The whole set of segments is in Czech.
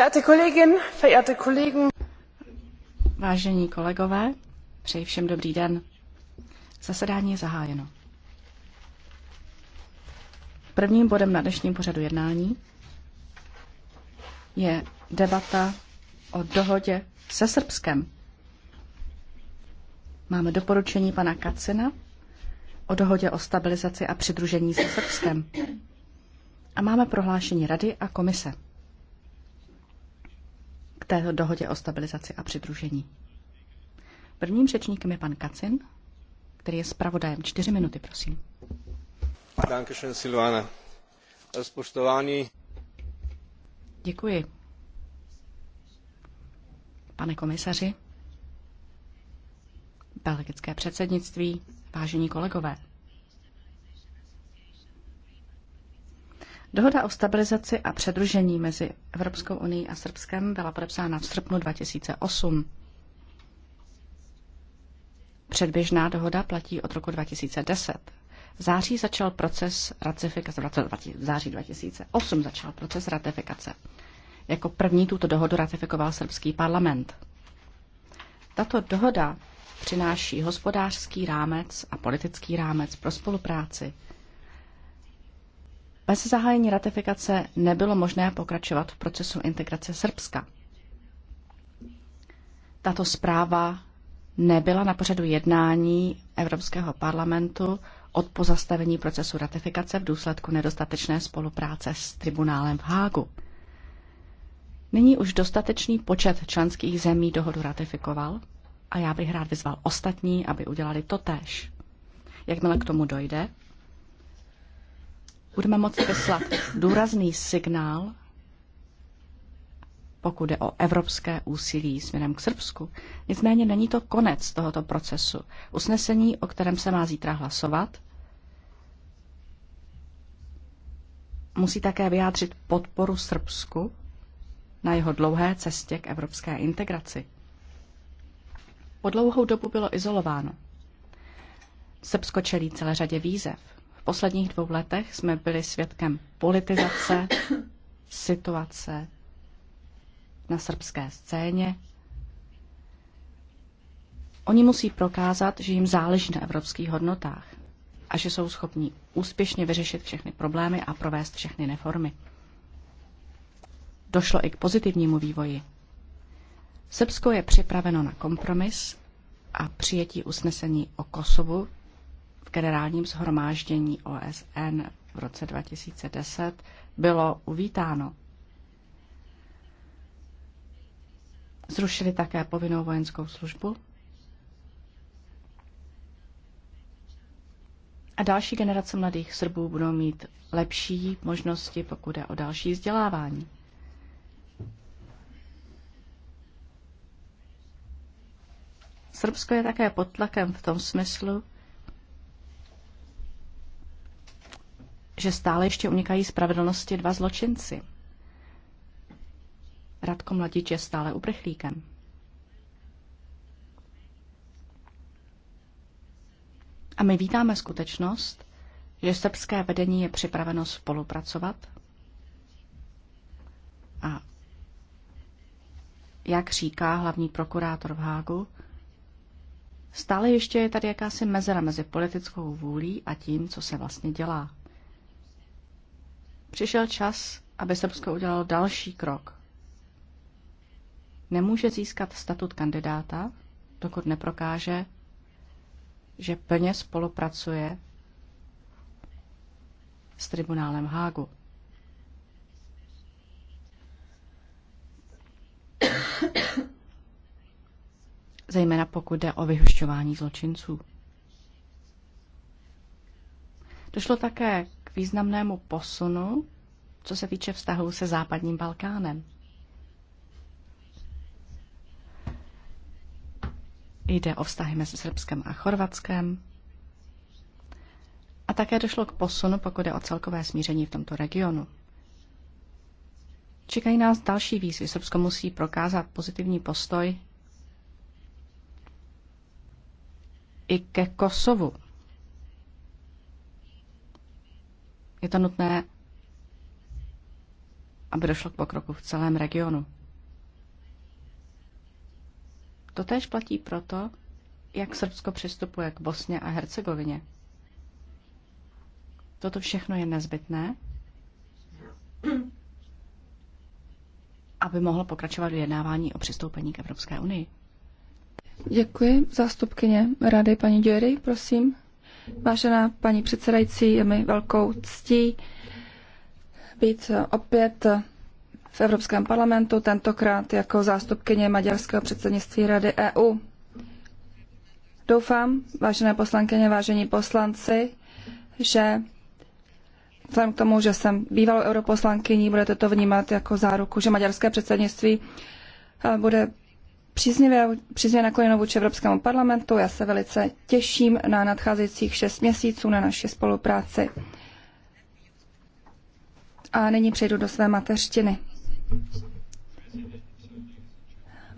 Verehrte Kolleginnen, verehrte Kollegen. Vážení kolegové, přeji všem dobrý den. Zasedání je zahájeno. Prvním bodem na dnešním pořadu jednání je debata o dohodě se Srbskem. Máme doporučení pana Kacina o dohodě o stabilizaci a přidružení se Srbskem. A máme prohlášení Rady a komise této dohodě o stabilizaci a přidružení. Prvním řečníkem je pan Kacin, který je zpravodajem. Čtyři minuty, prosím. Dankeschön, Silvana. rozpočtování. Děkuji. Pane komisaři, belgické předsednictví, vážení kolegové, Dohoda o stabilizaci a předružení mezi Evropskou unii a Srbskem byla podepsána v srpnu 2008. Předběžná dohoda platí od roku 2010. V září začal proces ratifikace, v září 2008 začal proces ratifikace. Jako první tuto dohodu ratifikoval srbský parlament. Tato dohoda přináší hospodářský rámec a politický rámec pro spolupráci bez zahájení ratifikace nebylo možné pokračovat v procesu integrace Srbska. Tato zpráva nebyla na pořadu jednání Evropského parlamentu od pozastavení procesu ratifikace v důsledku nedostatečné spolupráce s tribunálem v Hágu. Nyní už dostatečný počet členských zemí dohodu ratifikoval a já bych rád vyzval ostatní, aby udělali to též. Jakmile k tomu dojde, budeme moci vyslat důrazný signál, pokud je o evropské úsilí směrem k Srbsku. Nicméně není to konec tohoto procesu. Usnesení, o kterém se má zítra hlasovat, musí také vyjádřit podporu Srbsku na jeho dlouhé cestě k evropské integraci. Po dlouhou dobu bylo izolováno. Srbsko čelí celé řadě výzev. V posledních dvou letech jsme byli svědkem politizace situace na srbské scéně. Oni musí prokázat, že jim záleží na evropských hodnotách a že jsou schopni úspěšně vyřešit všechny problémy a provést všechny reformy. Došlo i k pozitivnímu vývoji. Srbsko je připraveno na kompromis a přijetí usnesení o Kosovu generálním shromáždění OSN v roce 2010 bylo uvítáno. Zrušili také povinnou vojenskou službu a další generace mladých Srbů budou mít lepší možnosti, pokud je o další vzdělávání. Srbsko je také pod tlakem v tom smyslu, že stále ještě unikají spravedlnosti dva zločinci. Radko Mladič je stále uprchlíkem. A my vítáme skutečnost, že srbské vedení je připraveno spolupracovat. A jak říká hlavní prokurátor v Hágu, stále ještě je tady jakási mezera mezi politickou vůlí a tím, co se vlastně dělá. Přišel čas, aby Srbsko udělalo další krok. Nemůže získat statut kandidáta, dokud neprokáže, že plně spolupracuje s tribunálem Hágu. Zejména pokud jde o vyhušťování zločinců. Došlo také významnému posunu, co se týče vztahu se západním Balkánem. Jde o vztahy mezi Srbskem a Chorvatskem. A také došlo k posunu, pokud je o celkové smíření v tomto regionu. Čekají nás další výzvy. Srbsko musí prokázat pozitivní postoj i ke Kosovu, Je to nutné, aby došlo k pokroku v celém regionu. To Totež platí proto, jak Srbsko přistupuje k Bosně a Hercegovině. Toto všechno je nezbytné, aby mohlo pokračovat vyjednávání o přistoupení k Evropské unii. Děkuji. Zástupkyně Rady paní Děry, prosím. Vážená paní předsedající, je mi velkou ctí být opět v Evropském parlamentu, tentokrát jako zástupkyně maďarského předsednictví Rady EU. Doufám, vážené poslankyně, vážení poslanci, že vzhledem k tomu, že jsem bývalou europoslankyní, budete to vnímat jako záruku, že maďarské předsednictví eh, bude příznivě, nakloněno vůči Evropskému parlamentu. Já se velice těším na nadcházejících šest měsíců na naši spolupráci. A nyní přejdu do své mateřtiny.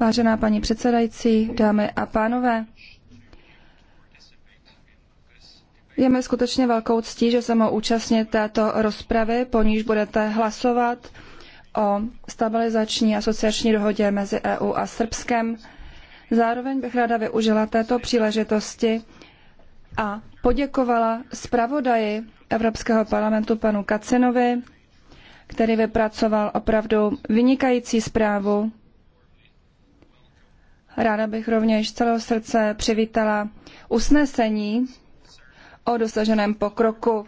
Vážená paní předsedající, dámy a pánové, je mi skutečně velkou ctí, že se mohu účastnit této rozpravy, po níž budete hlasovat o stabilizační asociační dohodě mezi EU a Srbskem. Zároveň bych ráda využila této příležitosti a poděkovala zpravodaji Evropského parlamentu panu Kacinovi, který vypracoval opravdu vynikající zprávu. Ráda bych rovněž z celého srdce přivítala usnesení o dosaženém pokroku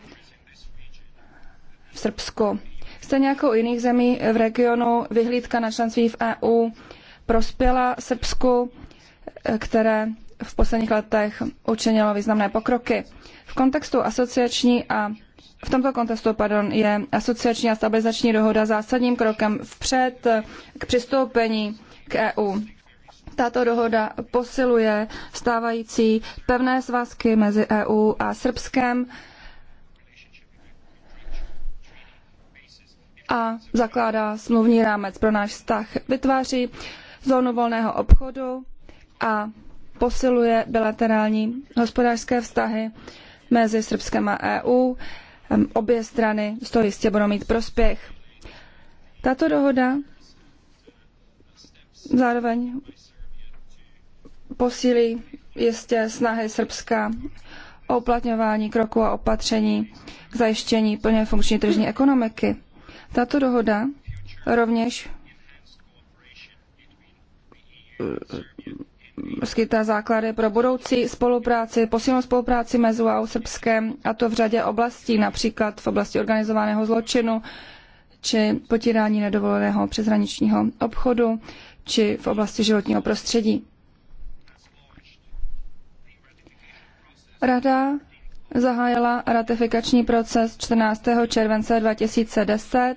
v Srbsku. Stejně jako u jiných zemí v regionu vyhlídka na členství v EU prospěla Srbsku, které v posledních letech učinilo významné pokroky. V kontextu asociační a v tomto kontextu pardon, je asociační a stabilizační dohoda zásadním krokem vpřed k přistoupení k EU. Tato dohoda posiluje stávající pevné svazky mezi EU a Srbskem, a zakládá smluvní rámec pro náš vztah. Vytváří zónu volného obchodu a posiluje bilaterální hospodářské vztahy mezi Srbskem a EU. Obě strany z toho jistě budou mít prospěch. Tato dohoda zároveň posílí jistě snahy Srbska o uplatňování kroku a opatření k zajištění plně funkční tržní ekonomiky. Tato dohoda rovněž eh, skytá základy pro budoucí spolupráci, posilnou spolupráci mezi a Srbskem a to v řadě oblastí, například v oblasti organizovaného zločinu či potírání nedovoleného přeshraničního obchodu či v oblasti životního prostředí. Rada zahájila ratifikační proces 14. července 2010.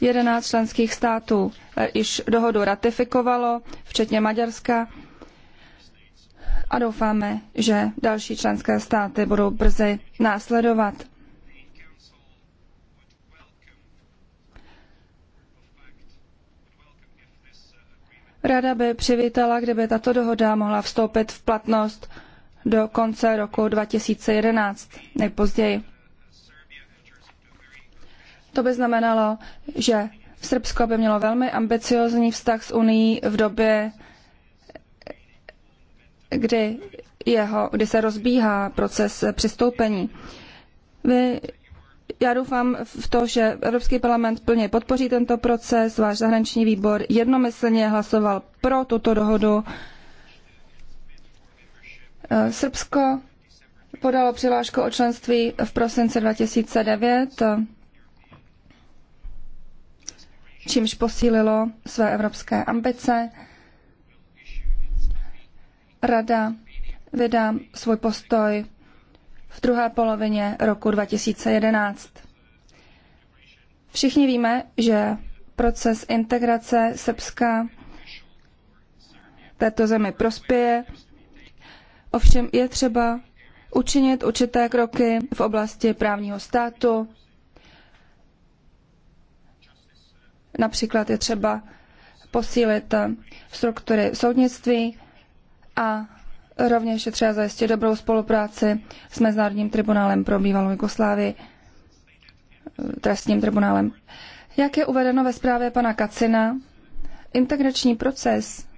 11 členských států eh, již dohodu ratifikovalo, včetně Maďarska. A doufáme, že další členské státy budou brzy následovat. Rada by přivítala, kdyby tato dohoda mohla vstoupit v platnost do konce roku 2011, nejpozději. To by znamenalo, že Srbsko by mělo velmi ambiciózní vztah s Unii v době, kdy, jeho, kdy se rozbíhá proces přistoupení. Vy, já doufám v to, že Evropský parlament plně podpoří tento proces. Váš zahraniční výbor jednomyslně hlasoval pro tuto dohodu Eh, Srbsko podalo přihlášku o členství v prosinci 2009, čímž posílilo své evropské ambice. Rada vydá svůj postoj v druhé polovině roku 2011. Všichni víme, že proces integrace Srbska této zemi prospěje Ovšem je třeba učinit určité kroky v oblasti právního státu. Například je třeba posílit struktury soudnictví a rovněž je třeba zajistit dobrou spolupráci s Mezinárodním tribunálem pro bývalou Jugoslávii, trestním tribunálem. Jak je uvedeno ve zprávě pana Kacina, integrační proces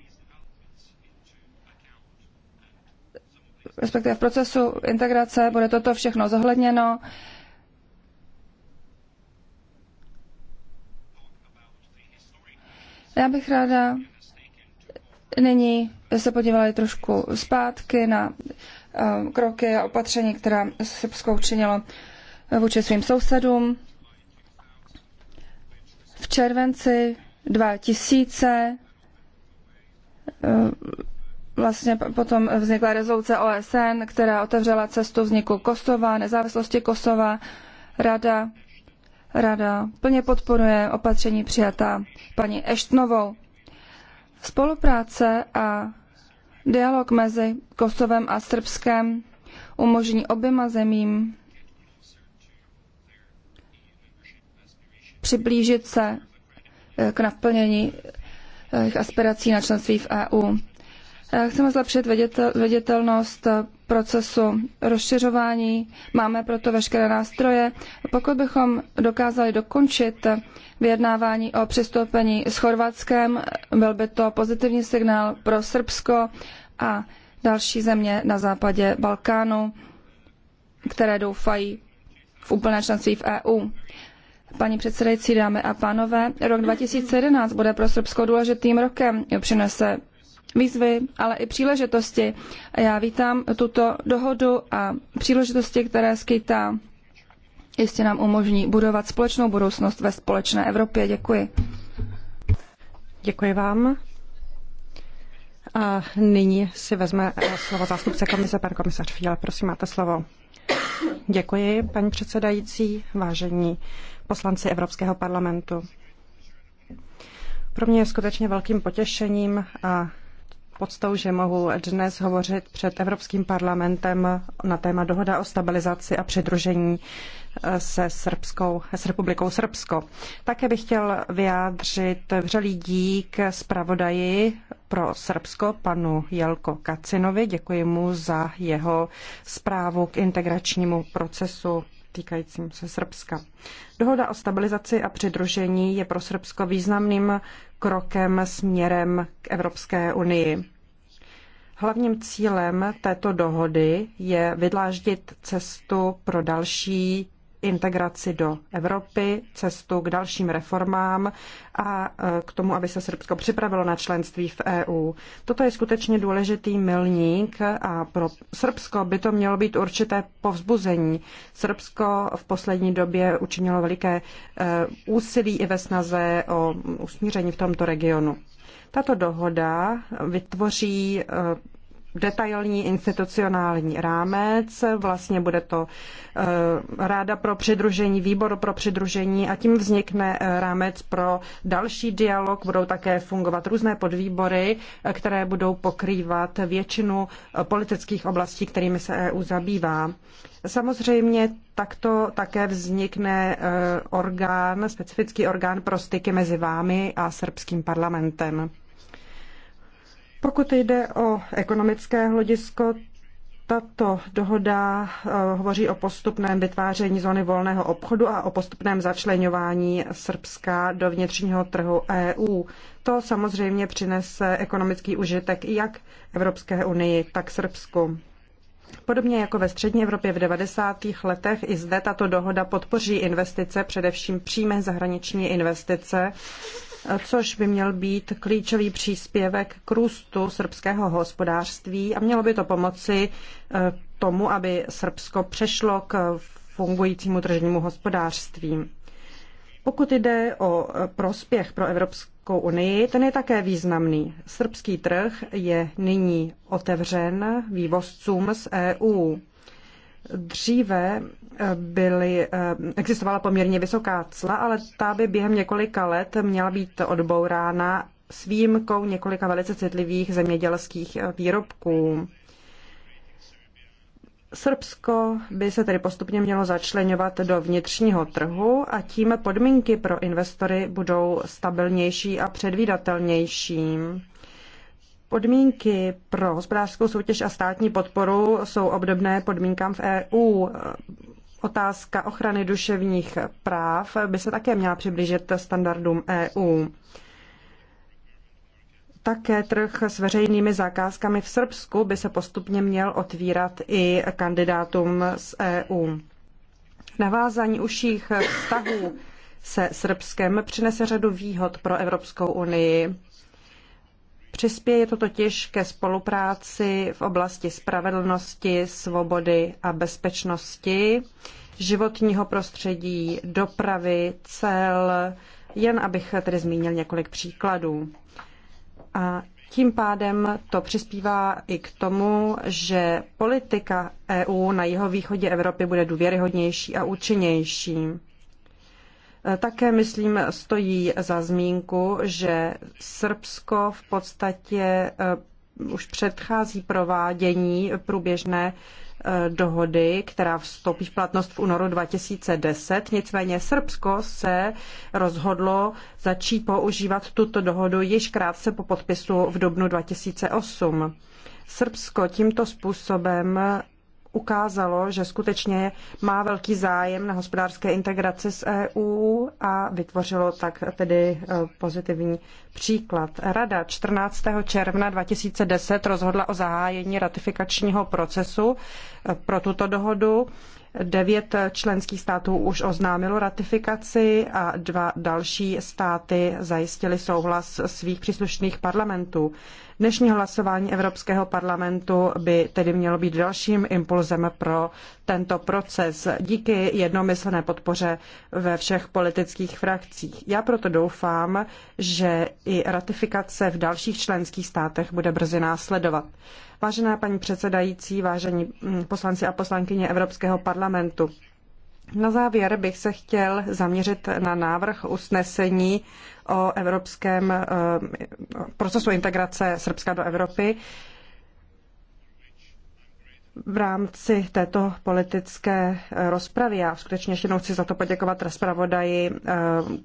respektive v procesu integrace bude toto všechno zohledněno. Já bych ráda nyní se podívala trošku zpátky na eh, kroky a opatření, která Srbsko učinilo vůči svým sousedům. V červenci 2000 vlastně potom vznikla rezoluce OSN, která otevřela cestu vzniku Kosova, nezávislosti Kosova. Rada, rada plně podporuje opatření přijatá paní Eštnovou. Spolupráce a dialog mezi Kosovem a Srbskem umožní oběma zemím přiblížit se eh, k naplnění eh, jejich aspirací na členství v EU. Eh, chceme zlepšit viditel, viditelnost eh, procesu rozšiřování, máme proto veškeré nástroje. Pokud bychom dokázali dokončit vyjednávání o přistoupení s Chorvatskem, byl by to pozitivní signál pro Srbsko a další země na západě Balkánu, které doufají v úplné členství v EU. Paní předsedající, dámy a pánové, rok 2011 bude pro Srbsko důležitým rokem. Přinese výzvy, ale i příležitosti. Já vítám tuto dohodu a příležitosti, které skýtá, jistě nám umožní budovat společnou budoucnost ve společné Evropě. Děkuji. Děkuji vám. A nyní si vezme eh, slovo zástupce komise, pan komisař Fiala. Prosím, máte slovo. Děkuji, paní předsedající, vážení poslanci Evropského parlamentu. Pro mě je skutečně velkým potěšením a poctou, že mohu dnes hovořit před Evropským parlamentem na téma dohoda o stabilizaci a přidružení eh, se Srbskou, s republikou Srbsko. Také bych chtěl vyjádřit vřelý dík zpravodaji pro Srbsko, panu Jelko Kacinovi. Děkuji mu za jeho zprávu k integračnímu procesu týkajícím se Srbska. Dohoda o stabilizaci a přidružení je pro Srbsko významným krokem směrem k Evropské unii. Hlavním cílem této dohody je vydláždit cestu pro další integraci do Evropy, cestu k dalším reformám a e, k tomu, aby se Srbsko připravilo na členství v EU. Toto je skutečně důležitý milník a pro Srbsko by to mělo být určité povzbuzení. Srbsko v poslední době učinilo veliké e, úsilí i ve snaze o usmíření v tomto regionu. Tato dohoda vytvoří eh, detailní institucionální rámec, vlastně bude to eh, ráda pro přidružení, výbor pro přidružení a tím vznikne eh, rámec pro další dialog. Budou také fungovat různé podvýbory, které budou pokrývat většinu politických oblastí, kterými se EU zabývá. Samozřejmě takto také vznikne orgán, specifický orgán pro styky mezi vámi a srbským parlamentem. Pokud jde o ekonomické hledisko, tato dohoda eh, hovoří o postupném vytváření zóny volného obchodu a o postupném začlenování Srbska do vnitřního trhu EU. To samozřejmě přinese ekonomický užitek jak Evropské unii, tak Srbsku. Podobně jako ve střední Evropě v 90. letech, i zde tato dohoda podpoří investice, především přímé zahraniční investice, což by měl být klíčový příspěvek k růstu srbského hospodářství a mělo by to pomoci eh, tomu, aby Srbsko přešlo k fungujícímu tržnímu hospodářství. Pokud jde o eh, prospěch pro Evropskou unii, ten je také významný. Srbský trh je nyní otevřen vývozcům z EU. Dříve eh, byly, eh, existovala poměrně vysoká cla, ale ta by během několika let měla být odbourána s výjimkou několika velice citlivých zemědělských eh, výrobků. Srbsko by se tedy postupně mělo začlenovat do vnitřního trhu a tím podmínky pro investory budou stabilnější a předvídatelnější. Podmínky pro hospodářskou soutěž a státní podporu jsou obdobné podmínkám v EU. Otázka ochrany duševních práv by se také měla přiblížit standardům EU. Také trh s veřejnými zakázkami v Srbsku by se postupně měl otvírat i kandidátům z EU. Navázání užších vztahů se Srbskem přinese řadu výhod pro Evropskou unii Přispěje to totiž ke spolupráci v oblasti spravedlnosti, svobody a bezpečnosti, životního prostředí, dopravy, cel, jen abych tedy zmínil několik příkladů. A tím pádem to přispívá i k tomu, že politika EU na jihovýchodě Evropy bude důvěryhodnější a účinnější. Eh, také, myslím, stojí za zmínku, že Srbsko v podstatě eh, už předchází provádění průběžné eh, dohody, která vstoupí v platnost v únoru 2010. Nicméně Srbsko se rozhodlo začít používat tuto dohodu již krátce po podpisu v dubnu 2008. Srbsko tímto způsobem ukázalo, že skutečně má velký zájem na hospodářské integraci s EU a vytvořilo tak tedy e, pozitivní příklad. Rada 14. června 2010 rozhodla o zahájení ratifikačního procesu e, pro tuto dohodu. Devět členských států už oznámilo ratifikaci a dva další státy zajistili souhlas svých příslušných parlamentů. Dnešní hlasování Evropského parlamentu by tedy mělo být dalším impulzem pro tento proces díky jednomyslné podpoře ve všech politických frakcích. Já proto doufám, že i ratifikace v dalších členských státech bude brzy následovat. Vážená paní předsedající, vážení poslanci a poslankyně Evropského parlamentu, na závěr bych se chtěl zaměřit na návrh usnesení o evropském eh, procesu integrace Srbska do Evropy v rámci této politické eh, rozpravy. Já skutečně ještě jednou chci za to poděkovat zpravodaji eh,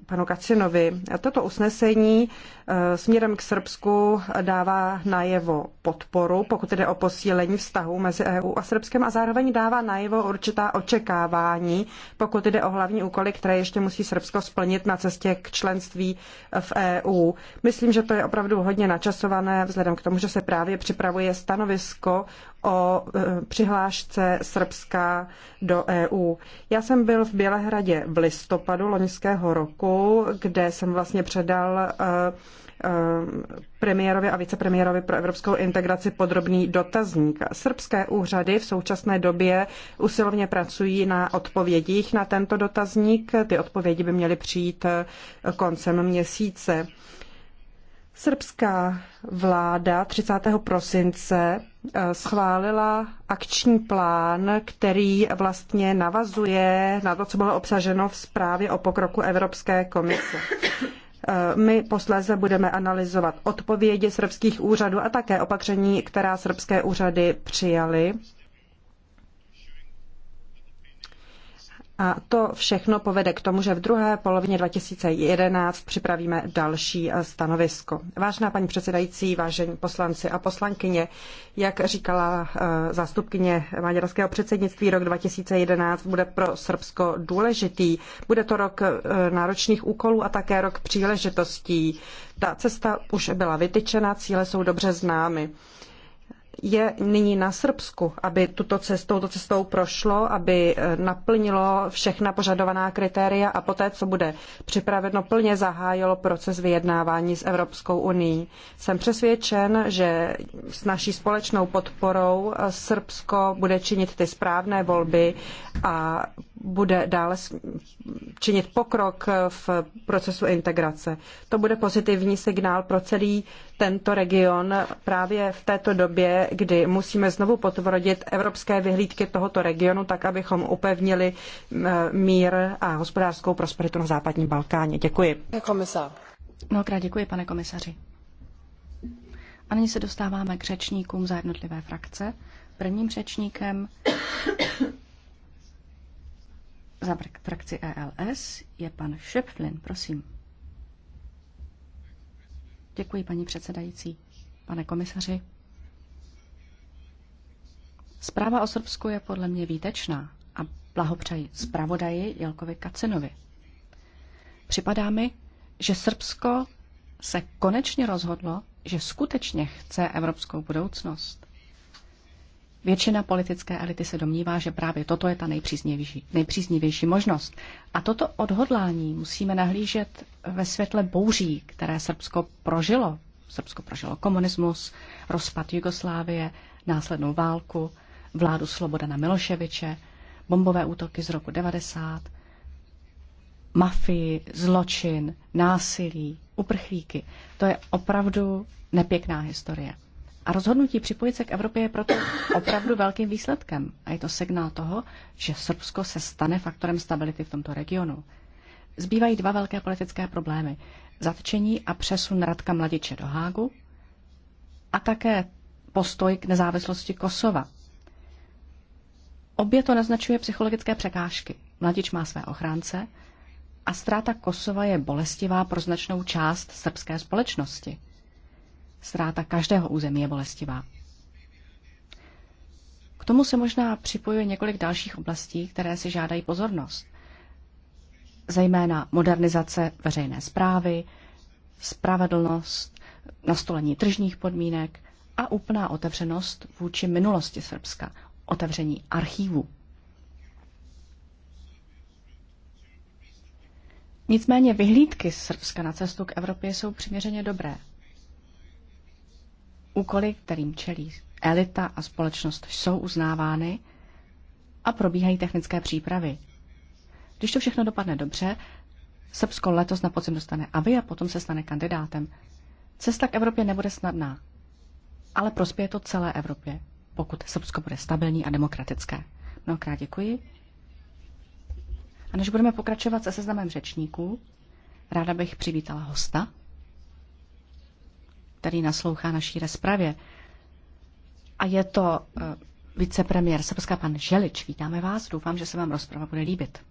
panu Kacinovi. Toto usnesení eh, směrem k Srbsku dává najevo podporu, pokud jde o posílení vztahu mezi EU a Srbskem a zároveň dává najevo určitá očekávání, pokud jde o hlavní úkoly, které ještě musí Srbsko splnit na cestě k členství v EU. Myslím, že to je opravdu hodně načasované, vzhledem k tomu, že se právě připravuje stanovisko o přihlášce Srbska do EU. Já jsem byl v Bělehradě v listopadu loňského roku, kde jsem vlastně předal eh, eh, premiérovi a vicepremiérovi pro evropskou integraci podrobný dotazník. Srbské úřady v současné době usilovně pracují na odpovědích na tento dotazník. Ty odpovědi by měly přijít eh, koncem měsíce. Srbská vláda 30. prosince eh, schválila akční plán, který vlastně navazuje na to, co bylo obsaženo v zprávě o pokroku Evropské komise. Eh, my posléze budeme analyzovat odpovědi srbských úřadů a také opatření, která srbské úřady přijaly A to všechno povede k tomu, že v druhé polovině 2011 připravíme další eh, stanovisko. Vážná paní předsedající, vážení poslanci a poslankyně, jak říkala eh, zástupkyně maďarského předsednictví, rok 2011 bude pro Srbsko důležitý. Bude to rok eh, náročných úkolů a také rok příležitostí. Ta cesta už byla vytyčena, cíle jsou dobře známy je nyní na Srbsku, aby tuto cestou, touto cestou prošlo, aby eh, naplnilo všechna požadovaná kritéria a poté, co bude připraveno, plně zahájilo proces vyjednávání s Evropskou unii. Jsem přesvědčen, že s naší společnou podporou eh, Srbsko bude činit ty správné volby a bude dále činit pokrok v procesu integrace. To bude pozitivní signál pro celý tento region právě v této době, kdy musíme znovu potvrdit evropské vyhlídky tohoto regionu, tak abychom upevnili mír a hospodářskou prosperitu na západním Balkáně. Děkuji. Komisář. Mnohokrát děkuji, pane komisaři. A nyní se dostáváme k řečníkům za jednotlivé frakce. Prvním řečníkem za frakci ELS je pan Šepflin. Prosím. Děkuji, paní předsedající. Pane komisaři, zpráva o Srbsku je podle mě výtečná a blahopřeji zpravodaji Jelkovi Kacinovi. Připadá mi, že Srbsko se konečně rozhodlo, že skutečně chce evropskou budoucnost. Většina politické elity se domnívá, že právě toto je ta nejpříznivější, nejpříznivější možnost. A toto odhodlání musíme nahlížet ve světle bouří, které Srbsko prožilo. Srbsko prožilo komunismus, rozpad Jugoslávie, následnou válku, vládu na Miloševiče, bombové útoky z roku 90, mafii, zločin, násilí, uprchlíky. To je opravdu nepěkná historie. A rozhodnutí připojit se k Evropě je proto opravdu velkým výsledkem. A je to signál toho, že Srbsko se stane faktorem stability v tomto regionu. Zbývají dva velké politické problémy. Zatčení a přesun Radka Mladiče do Hágu a také postoj k nezávislosti Kosova. Obě to naznačuje psychologické překážky. Mladič má své ochránce a ztráta Kosova je bolestivá pro značnou část srbské společnosti. Ztráta každého území je bolestivá. K tomu se možná připojuje několik dalších oblastí, které si žádají pozornost. Zejména modernizace veřejné zprávy, spravedlnost, nastolení tržních podmínek a úplná otevřenost vůči minulosti Srbska, otevření archívu. Nicméně vyhlídky Srbska na cestu k Evropě jsou přiměřeně dobré. Úkoly, kterým čelí elita a společnost, jsou uznávány a probíhají technické přípravy. Když to všechno dopadne dobře, Srbsko letos na podzim dostane aby a potom se stane kandidátem. Cesta k Evropě nebude snadná, ale prospěje to celé Evropě, pokud Srbsko bude stabilní a demokratické. Mnohokrát děkuji. A než budeme pokračovat se seznamem řečníků, ráda bych přivítala hosta, který naslouchá naší rozpravě. A je to eh, vicepremiér Srbska, pan Želič. Vítáme vás, doufám, že se vám rozprava bude líbit.